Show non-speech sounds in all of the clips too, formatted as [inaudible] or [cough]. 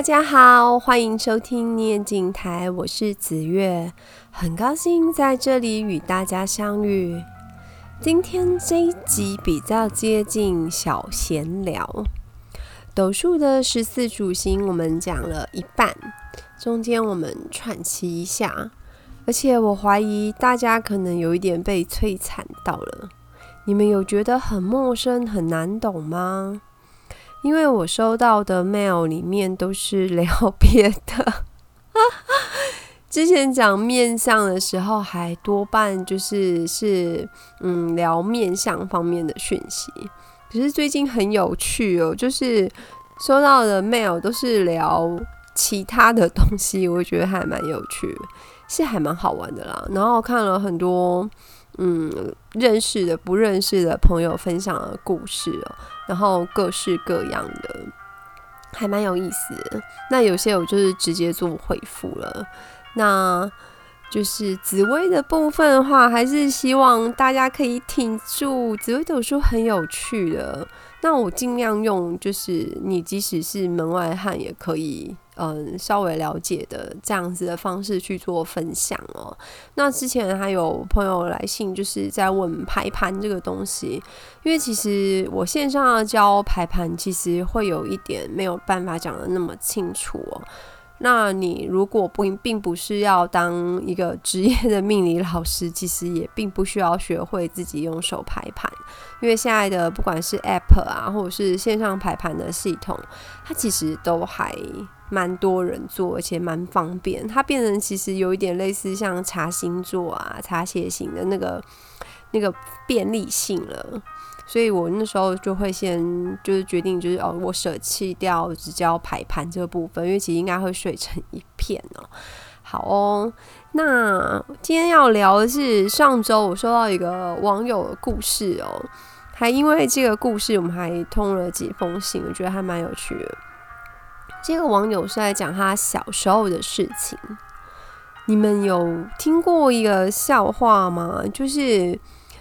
大家好，歡迎收聽念經台，我是紫玥，很高興在這裡與大家相遇。今天這一集比較接近小閒聊，斗數的十四主星我們講了一半，中間我們喘息一下，而且我懷疑大家可能有一點被摧殘到了，你們有覺得很陌生、很難懂嗎？因為我收到的 mail 裡面都是聊別的， [laughs] 之前講面相的時候還多半就是是嗯聊面相方面的訊息，可是最近很有趣哦，就是收到的 mail 都是聊其他的東西，我覺得還蠻有趣，是還蠻好玩的啦。然後我看了很多嗯認識的、不認識的朋友分享的故事哦。然後各式各樣的，還蠻有意思的。那有些我就是直接做回復了。那就是紫微的部分的話，還是希望大家可以挺住。紫微斗數很有趣的。那我盡量用，就是你即使是門外漢也可以，嗯，稍微了解的這樣子的方式去做分享哦。那之前還有朋友來信，就是在問排盤這個東西，因為其實我線上要教排盤，其實會有一點沒有辦法講得那麼清楚哦。那你如果不並不是要當一個職業的命理老師，其實也並不需要學會自己用手排盤，因為現在的不管是 App 啊，或者是線上排盤的系統，它其實都還蠻多人做，而且蠻方便，它變成其實有一點類似像查星座啊、查血型的那個那個便利性了。所以我那時候就會先就是決定，就是哦，我捨棄掉只交排盤這個部分，因為其實應該會睡成一片哦。好哦，那今天要聊的是上周我收到一個網友的故事哦，還因為這個故事，我們還通了幾封信，我覺得還蠻有趣的。這個網友是在講他小時候的事情。你們有聽過一個笑話嗎？就是，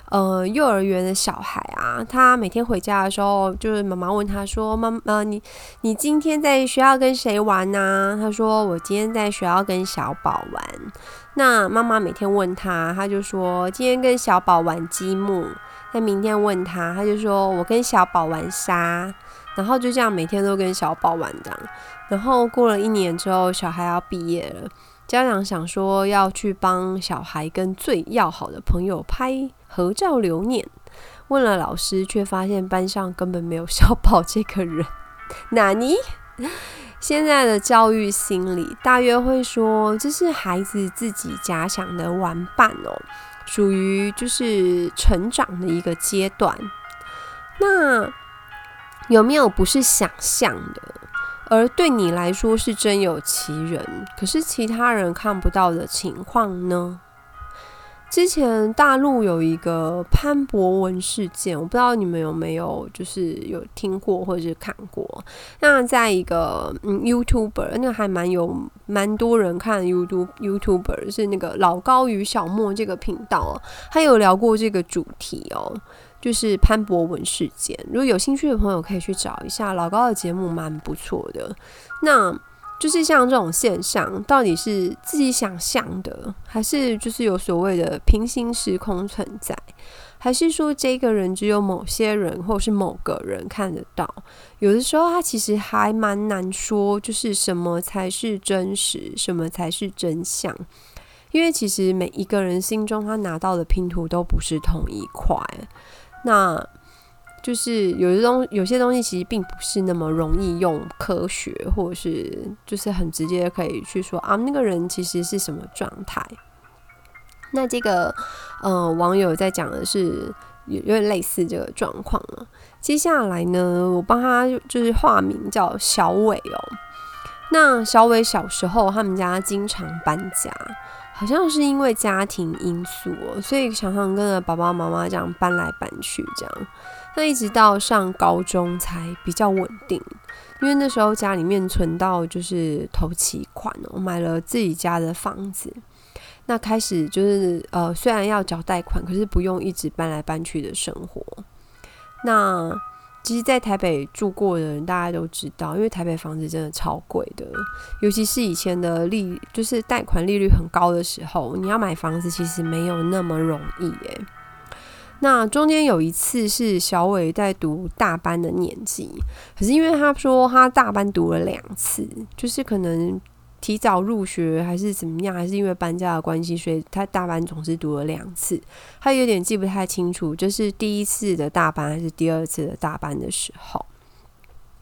呃，幼兒園的小孩啊，他每天回家的時候，就是媽媽問他說：“媽媽，呃，你你今天在學校跟誰玩呢、啊？”他說：“我今天在學校跟小寶玩。”那媽媽每天問他，他就說：“今天跟小寶玩積木。”在明天，問他，他就說：“我跟小寶玩沙，然後就這樣每天都跟小寶玩這樣。”然後過了一年之後，小孩要畢業了，家長想說要去幫小孩跟最要好的朋友拍合照留念，問了老師，卻發現班上根本沒有小寶這個人。哪尼？現在的教育心理大約會說這是孩子自己假想的玩伴哦。屬於就是成長的一個階段，那有沒有不是想象的，而對你來說是真有其人，可是其他人看不到的情況呢？之前大陸有一個潘博文事件，我不知道你們有沒有就是有聽過或者是看過。那在一個嗯 YouTuber，那個還蠻有蠻多人看 YouTuber，YouTube 是那個老高與小莫這個頻道，他有聊過這個主題哦，就是潘博文事件。如果有興趣的朋友可以去找一下老高的節目，蠻不錯的。那。就是像這種現象，到底是自己想象的，還是就是有所謂的平行時空存在，還是說這個人只有某些人或是某個人看得到？有的時候，他其實還蠻難說，就是什麼才是真實，什麼才是真相，因為其實每一個人心中他拿到的拼圖都不是同一塊。那就是有些東有些東西其實並不是那麼容易用科學或者是就是很直接可以去說，啊那個人其實是什麼狀態。那這個呃網友在講的是有有點類似這個狀況了。接下來呢，我幫他就是化名叫小偉哦。那小偉小時候他們家經常搬家，好像是因為家庭因素哦，所以常常跟着爸爸媽媽這樣搬來搬去這樣。那一直到上高中才比較穩定，因為那時候家裡面存到就是頭期款，喔，我買了自己家的房子。那開始就是呃，雖然要繳貸款，可是不用一直搬來搬去的生活。那其實，在台北住過的人大家都知道，因為台北房子真的超貴的，尤其是以前的利，就是貸款利率很高的時候，你要買房子其實沒有那麼容易耶，欸。那中間有一次是小偉在讀大班的年紀，可是因為他說他大班讀了兩次，就是可能提早入學還是怎麼樣，還是因為搬家的關係，所以他大班總是讀了兩次，他有點記不太清楚，就是第一次的大班還是第二次的大班的時候。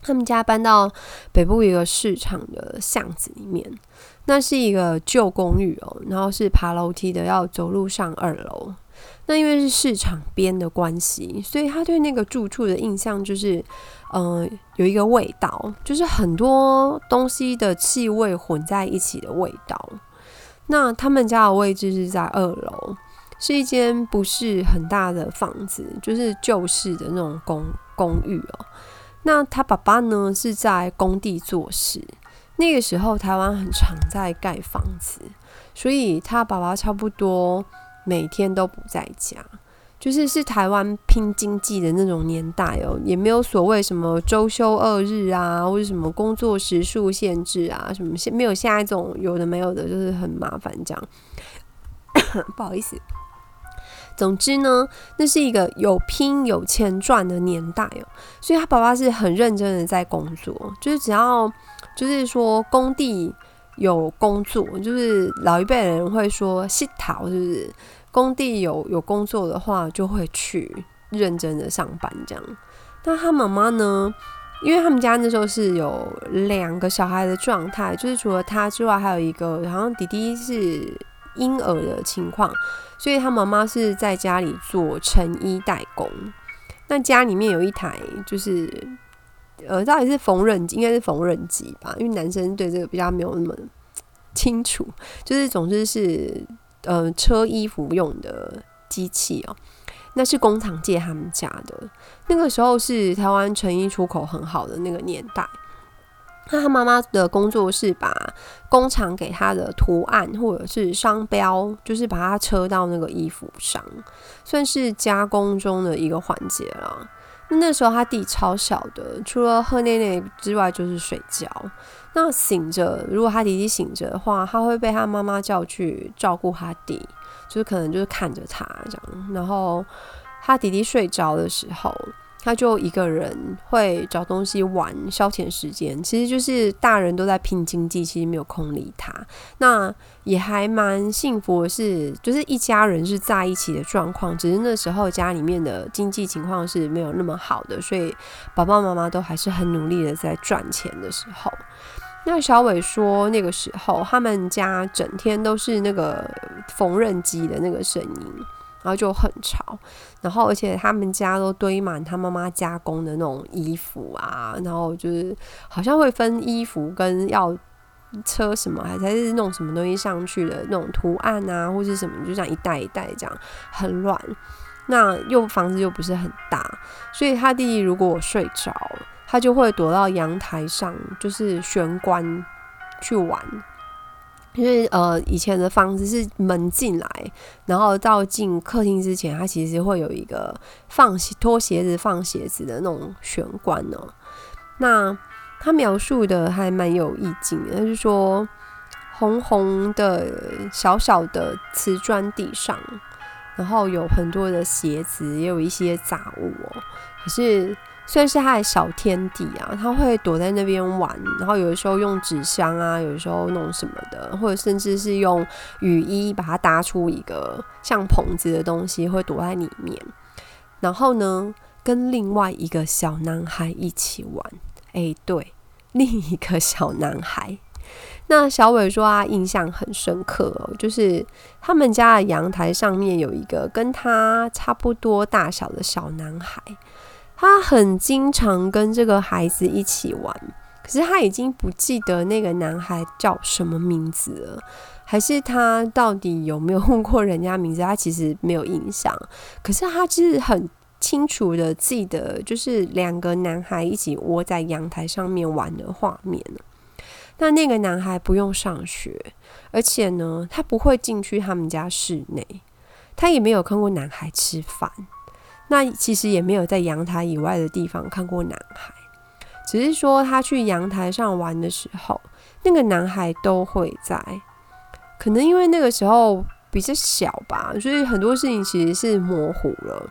他們家搬到北部一個市場的巷子裡面，那是一個舊公寓哦，然後是爬樓梯的，要走路上二樓。那因為是市場邊的關係，所以他對那個住處的印象就是，嗯，有一個味道，就是很多東西的氣味混在一起的味道。那他們家的位置是在二樓，是一間不是很大的房子，就是舊式的那種公公寓哦。那他爸爸呢？是在工地做事。那個時候，台灣很常在蓋房子，所以他爸爸差不多每天都不在家。就是是台灣拼經濟的那種年代哦，也沒有所謂什麼周休二日啊，或者什麼工作時數限制啊，什麼沒有現在這種有的沒有的，就是很麻煩這樣。 [coughs] 不好意思。總之呢，那是一個有拼有錢賺的年代哦、喔，所以他爸爸是很認真的在工作，就是只要就是說工地有工作，就是老一輩人會說西討，就是，是工地有有工作的話，就會去認真的上班這樣。但他媽媽呢，因為他們家那時候是有兩個小孩的狀態，就是除了他之外，還有一個然後弟弟是。嬰兒的情況，所以他媽媽是在家裡做成衣代工。那家裡面有一台，就是呃，到底是縫紉機，應該是縫紉機吧？因為男生對這個比較沒有那麼清楚。就是總之是呃，車衣服用的機器哦。那是工廠借他們家的。那個時候是台灣成衣出口很好的那個年代。那他媽媽的工作是把工廠給他的圖案或者是商標，就是把它車到那個衣服上，算是加工中的一個環節了。那，那時候他弟超小的，除了喝奶奶之外就是睡覺。那醒着，如果他弟弟醒着的話，他會被他媽媽叫去照顧他弟，就是可能就是看着他這樣。然後他弟弟睡着的時候。他就一個人會找東西玩，消遣時間，其實就是大人都在拼經濟，其實沒有空理他。那也還蠻幸福的是，就是一家人是在一起的狀況，只是那時候家裡面的經濟情況是沒有那麼好的，所以爸爸媽媽都還是很努力的在賺錢的時候。那小偉說，那個時候他們家整天都是那個縫紉機的那個聲音。然後就很吵，然後而且他們家都堆滿他媽媽加工的那種衣服啊，然後就是好像會分衣服跟要車什麼，還是弄什麼東西上去的那種圖案啊，或是什麼，就像一袋一袋這樣很亂。那又房子又不是很大，所以他弟弟如果睡着，他就會躲到陽台上，就是玄關去玩。因為、就是、呃，以前的房子是門進來，然後到進客廳之前，它其實會有一個放鞋、拖鞋子、放鞋子的那種玄關呢、喔。那他描述的還蠻有意境的，他、就是說紅紅的小小的瓷磚地上，然後有很多的鞋子，也有一些雜物哦、喔。可是。雖然是他的小天地啊，他會躲在那邊玩，然後有的時候用紙箱啊，有的時候弄什麼的，或者甚至是用雨衣把它搭出一個像棚子的東西，會躲在裡面。然後呢，跟另外一個小男孩一起玩。哎、欸，對，另一個小男孩。那小偉說他印象很深刻哦，就是他們家的陽台上面有一個跟他差不多大小的小男孩。他很經常跟這個孩子一起玩，可是他已經不記得那個男孩叫什麼名字了。還是他到底有沒有問過人家名字？他其實沒有印象。可是他其實很清楚的記得，就是兩個男孩一起窩在陽台上面玩的畫面。那那個男孩不用上學，而且呢，他不會進去他們家室內，他也沒有看過男孩吃飯。那其實也沒有在陽台以外的地方看過男孩，只是說他去陽台上玩的時候，那個男孩都會在。可能因為那個時候比較小吧，所以很多事情其實是模糊了。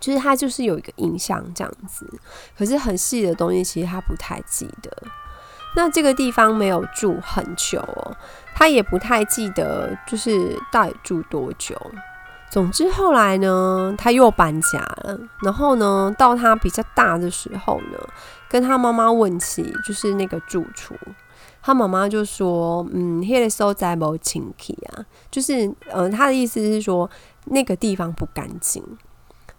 就是他就是有一個印象這樣子，可是很細的東西其實他不太記得。那這個地方沒有住很久哦，他也不太記得，就是到底住多久。總之後來呢，他又搬家了。然後呢，到他比較大的時候呢，跟他媽媽問起就是那個住處，他媽媽就說：“嗯，here is so 髒不 clean 啊。那個”就是呃，他的意思是說那個地方不乾淨。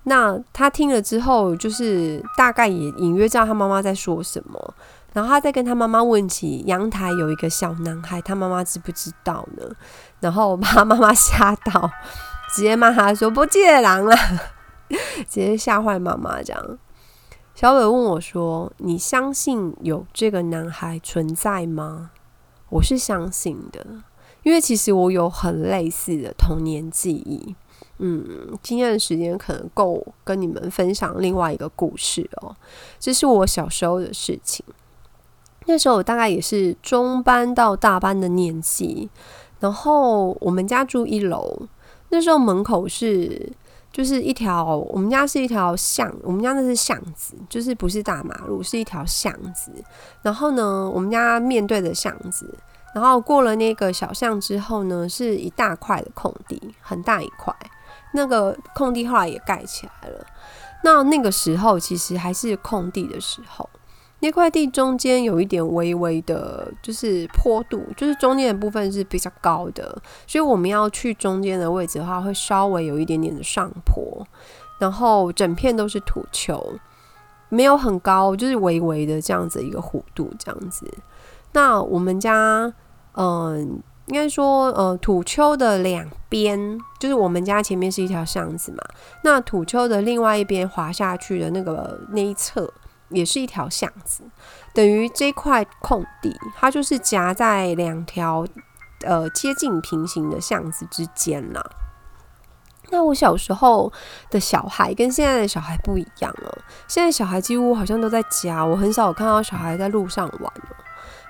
那他聽了之後，就是大概也隱約知道他媽媽在說什麼。然後他再跟他媽媽問起陽台有一個小男孩，他媽媽知不知道呢？然後把他媽媽嚇到。直接罵他說不借狼了，直接嚇壞媽媽。這樣，小偉問我說：“你相信有這個男孩存在嗎？”我是相信的，因為其實我有很類似的童年記憶。嗯，今天的時間可能夠跟你們分享另外一個故事哦。這是我小時候的事情。那時候我大概也是中班到大班的年紀，然後我們家住一樓。那時候門口是就是一條，我們家是一條巷，我們家那是巷子，就是不是大馬路，是一條巷子。然後呢，我們家面對的巷子，然後過了那個小巷之後呢，是一大塊的空地，很大一塊。那個空地後來也蓋起來了。那那個時候其實還是空地的時候，那塊地中間有一點微微的，就是坡度，就是中間的部分是比較高的，所以我們要去中間的位置的話，會稍微有一點點的上坡。然後整片都是土丘，沒有很高，就是微微的這樣子一個弧度，這樣子。那我們家，嗯、呃，應該說，呃，土丘的兩邊，就是我們家前面是一條巷子嘛，那土丘的另外一邊滑下去的那個那一側。也是一條巷子，等於這塊空地，它就是夾在兩條呃接近平行的巷子之間啦、啊。那我小時候的小孩跟現在的小孩不一樣哦、啊，現在小孩幾乎好像都在家，我很少有看到小孩在路上玩、啊。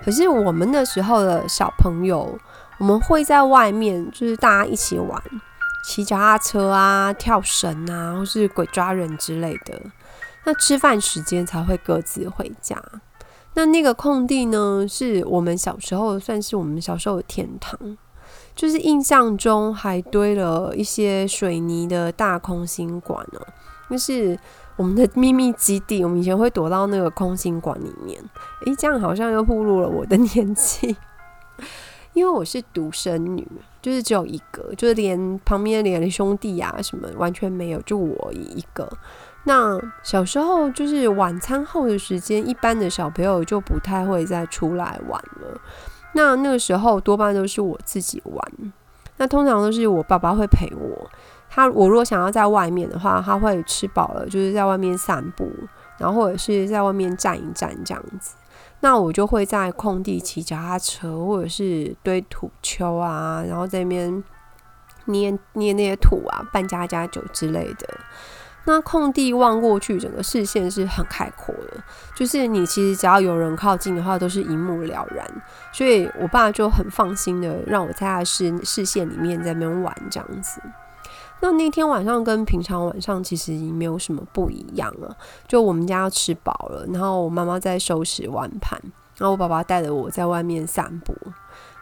可是我們那時候的小朋友，我們會在外面，就是大家一起玩，騎腳踏車啊、跳繩啊，或是鬼抓人之類的。吃飯時間才會各自回家。那那個空地呢，是我們小時候算是我們小時候的天堂，就是印象中還堆了一些水泥的大空心管呢、啊，那是我們的祕密基地。我們以前會躲到那個空心管裡面。誒、欸，這樣好像又暴露了我的年紀。因為我是獨生女，就是只有一個，就是連旁邊連兄弟啊什麼完全沒有，就我一個。那小時候就是晚餐後的時間，一般的小朋友就不太會再出來玩了。那那個時候多半都是我自己玩。那通常都是我爸爸會陪我。他我如果想要在外面的話，他會吃飽了就是在外面散步，然後或者是在外面站一站這樣子。那我就會在空地騎腳踏車，或者是堆土丘啊，然後在那邊捏捏那些土啊，扮家家酒之類的。那空地望過去，整個視線是很開闊的，就是你其實只要有人靠近的話，都是一目了然。所以我爸就很放心的讓我在他視視線裡面在那邊玩這樣子。那那天晚上跟平常晚上其實已經沒有什麼不一樣了，就我們家吃飽了，然後我媽媽在收拾碗盤，然後我爸爸帶着我在外面散步。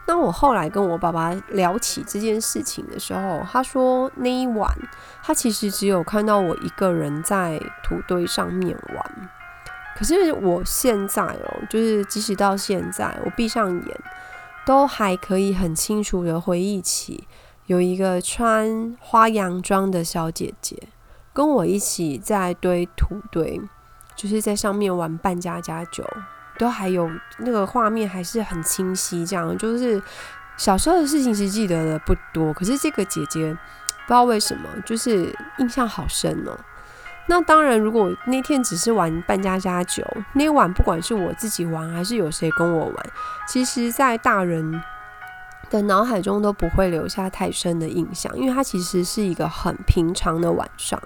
那我後來跟我爸爸聊起這件事情的時候，他說那一晚他其實只有看到我一個人在土堆上面玩。可是我現在哦，就是即使到現在我閉上眼，都還可以很清楚的回憶起。有一個穿花洋裝的小姐姐，跟我一起在堆土堆，就是在上面玩扮家家酒，都還有那個畫面還是很清晰。這樣就是小時候的事情，是記得的不多。可是這個姐姐不知道為什麼，就是印象好深哦、喔。那當然，如果那天只是玩扮家家酒，那晚不管是我自己玩，還是有誰跟我玩，其實，在大人。的腦海中都不會留下太深的印象，因為它其實是一個很平常的晚上。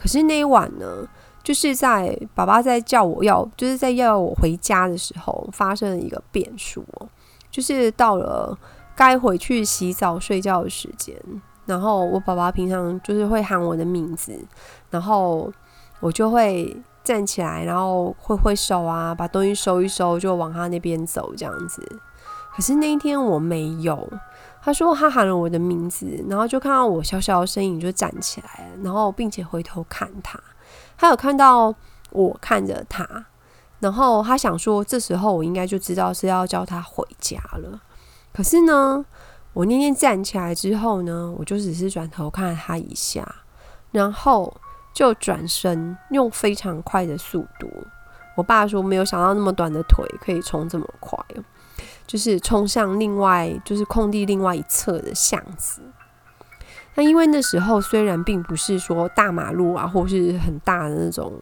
可是那一晚呢，就是在爸爸在叫我要，就是在要我回家的時候，發生了一個變數，就是到了該回去洗澡睡覺的時間，然後我爸爸平常就是會喊我的名字，然後我就會站起來，然後揮揮手啊，把東西收一收，就往他那邊走，這樣子。可是那一天我沒有，他說他喊了我的名字，然後就看到我小小的身影就站起來了，然後並且回頭看他，他有看到我看着他，然後他想說，這時候我應該就知道是要叫他回家了。可是呢，我那天站起來之後呢，我就只是轉頭看他一下，然後就轉身用非常快的速度，我爸說，沒有想到那麼短的腿可以衝這麼快。就是衝向另外，就是空地另外一側的巷子。那因為那時候雖然並不是說大馬路啊，或是很大的那種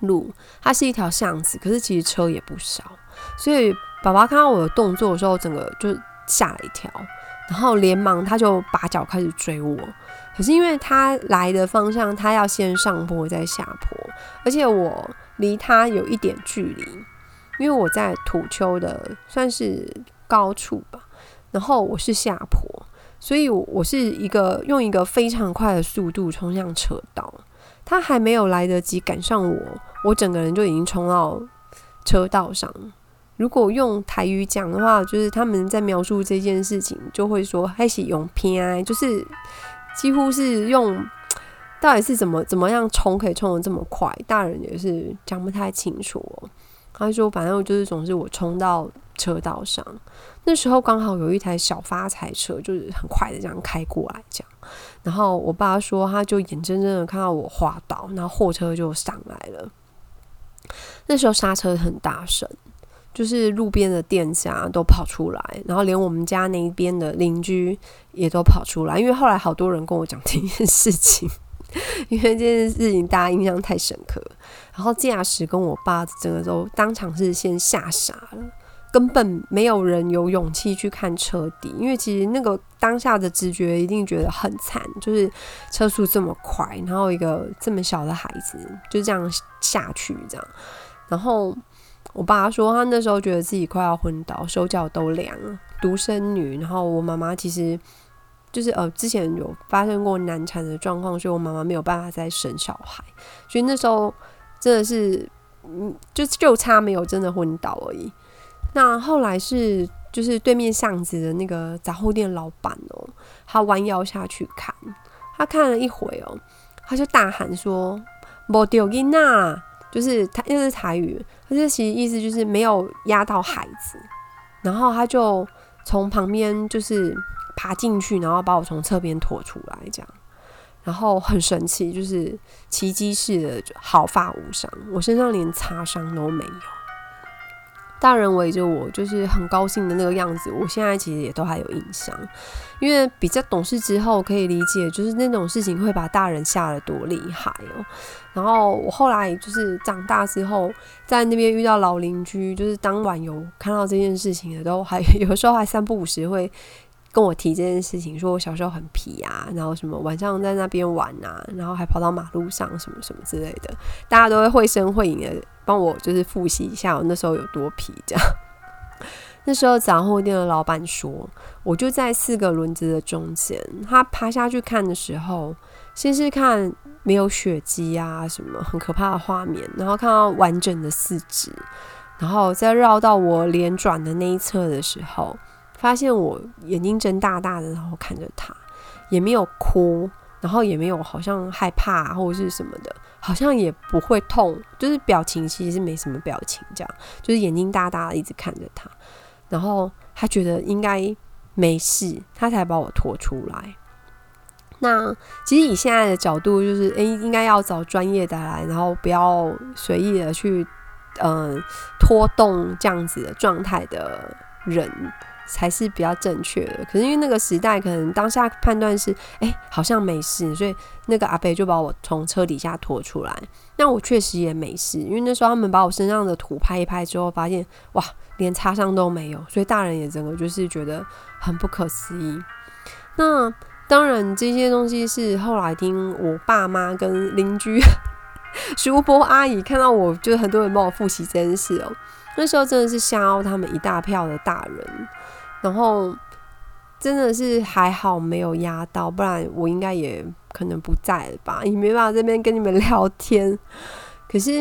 路，它是一條巷子，可是其實車也不少。所以寶寶看到我的動作的時候，整個就嚇了一跳，然後連忙他就拔腳開始追我。可是因為他來的方向，他要先上坡再下坡，而且我離他有一點距離。因為我在土丘的算是高處吧，然後我是下坡，所以我是一個用一個非常快的速度衝向車道，他還沒有來得及趕上我，我整個人就已經衝到車道上。如果用台語講的話，就是他們在描述這件事情，就會說嘿，使用偏愛，就是幾乎是用，到底是怎麼怎麼樣衝可以衝得這麼快，大人也是講不太清楚。他說：“反正我就是總是我衝到車道上，那時候剛好有一台小發財車，就是很快的這樣開過來，這樣。然後我爸說，他就眼睜睜的看到我滑倒，然後貨車就上來了。那時候剎車很大聲，就是路邊的店家、啊、都跑出來，然後連我們家那一邊的鄰居也都跑出來，因為後來好多人跟我講這件事情，因為這件事情大家印象太深刻。”然後駕駛跟我爸整個都當場是先嚇傻了，根本沒有人有勇氣去看車底，因為其實那個當下的直覺一定覺得很慘，就是車速這麼快，然後一個這麼小的孩子就這樣下去這樣。然後我爸說他那時候覺得自己快要昏倒，手腳都涼了。獨生女，然後我媽媽其實就是呃之前有發生過難產的狀況，所以我媽媽沒有辦法再生小孩，所以那時候。真的是，嗯，就就差沒有真的昏倒而已。那後來是，就是對面巷子的那個雜貨店老板哦、喔，他彎腰下去看，他看了一回哦、喔，他就大喊說：“莫丟金吶！”就是他，又是台語，他這其實意思就是沒有壓到孩子。然後他就從旁邊就是爬進去，然後把我從側邊拖出來，這樣。然後很神奇，就是奇蹟似的，毫髮無傷。我身上連擦傷都沒有。大人圍着我，就是很高興的那個樣子。我現在其實也都還有印象，因為比較懂事之後可以理解，就是那種事情會把大人嚇得多厲害哦。然後我後來就是長大之後，在那邊遇到老鄰居，就是當晚有看到這件事情的，都還有的時候還三不五時會。跟我提這件事情，說我小時候很皮啊，然後什麼晚上在那邊玩啊，然後還跑到馬路上什麼什麼之類的，大家都會繪聲繪影的幫我就是複習一下我那時候有多皮這樣。那時候雜貨店的老板說，我就在四個輪子的中間，他爬下去看的時候，先是看沒有血跡啊，什麼很可怕的畫面，然後看到完整的四肢，然後再繞到我臉轉的那一側的時候。發現我眼睛睜大大的，然後看着他，也沒有哭，然後也沒有好像害怕、啊、或者是什麼的，好像也不會痛，就是表情其實是沒什麼表情，這樣就是眼睛大大的一直看着他，然後他覺得應該沒事，他才把我拖出來。那其實以現在的角度，就是誒應該要找專業的來，然後不要隨意的去嗯、呃、拖動這樣子的狀態的人。才是比較正確的。可是因為那個時代，可能當下判斷是，哎、欸，好像沒事，所以那個阿伯就把我從車底下拖出來。那我確實也沒事，因為那時候他們把我身上的土拍一拍之後，發現哇，連擦傷都沒有。所以大人也整個就是覺得很不可思議。那當然這些東西是後來聽我爸媽跟鄰居叔 [laughs] 伯阿姨看到我，就很多人幫我複習這件事哦、喔。那時候真的是嚇到他們一大票的大人，然後真的是還好沒有壓到，不然我應該也可能不在了吧，也沒辦法這邊跟你們聊天。可是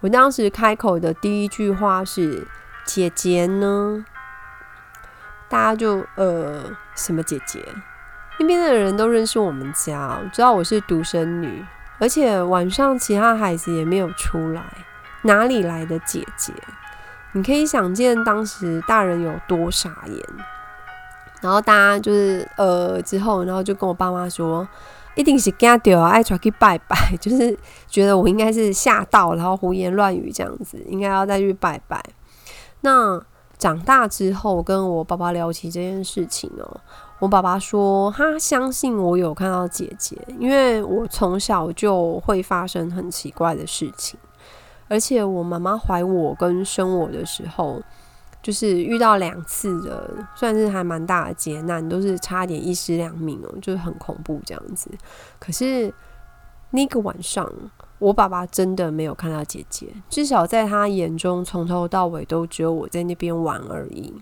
我當時開口的第一句話是“姐姐呢？”大家就呃什麼姐姐？那邊的人都認識我們家，知道我是獨生女，而且晚上其他孩子也沒有出來，哪裡來的姐姐？你可以想見當時大人有多傻眼，然後大家就是呃之後，然後就跟我爸媽說，一定是驚到愛出去拜拜，就是覺得我應該是嚇到，然後胡言亂語這樣子，應該要再去拜拜。那長大之後跟我爸爸聊起這件事情哦、喔，我爸爸說他相信我有看到姐姐，因為我從小就會發生很奇怪的事情。而且我媽媽懷我跟生我的時候，就是遇到兩次的，算是還蠻大的劫難，都是差點一屍兩命哦、喔，就是很恐怖這樣子。可是那個晚上，我爸爸真的沒有看到姐姐，至少在他眼中，從頭到尾都只有我在那邊玩而已。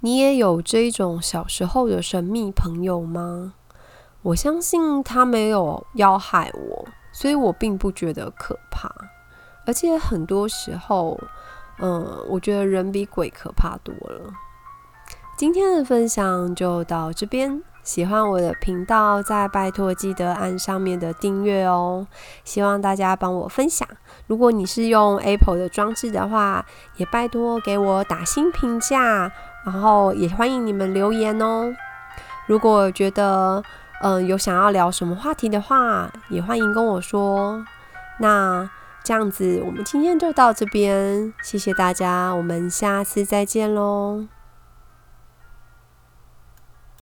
你也有這一種小時候的神秘朋友嗎？我相信他沒有要害我。所以我並不覺得可怕，而且很多時候，嗯，我覺得人比鬼可怕多了。今天的分享就到這邊，喜歡我的頻道，再拜託記得按上面的訂閱哦。希望大家幫我分享，如果你是用 Apple 的裝置的話，也拜託給我打星評價，然後也歡迎你們留言哦。如果覺得，嗯，有想要聊什麼話題的話，也歡迎跟我說。那這樣子，我們今天就到這邊，謝謝大家，我們下次再見嘍。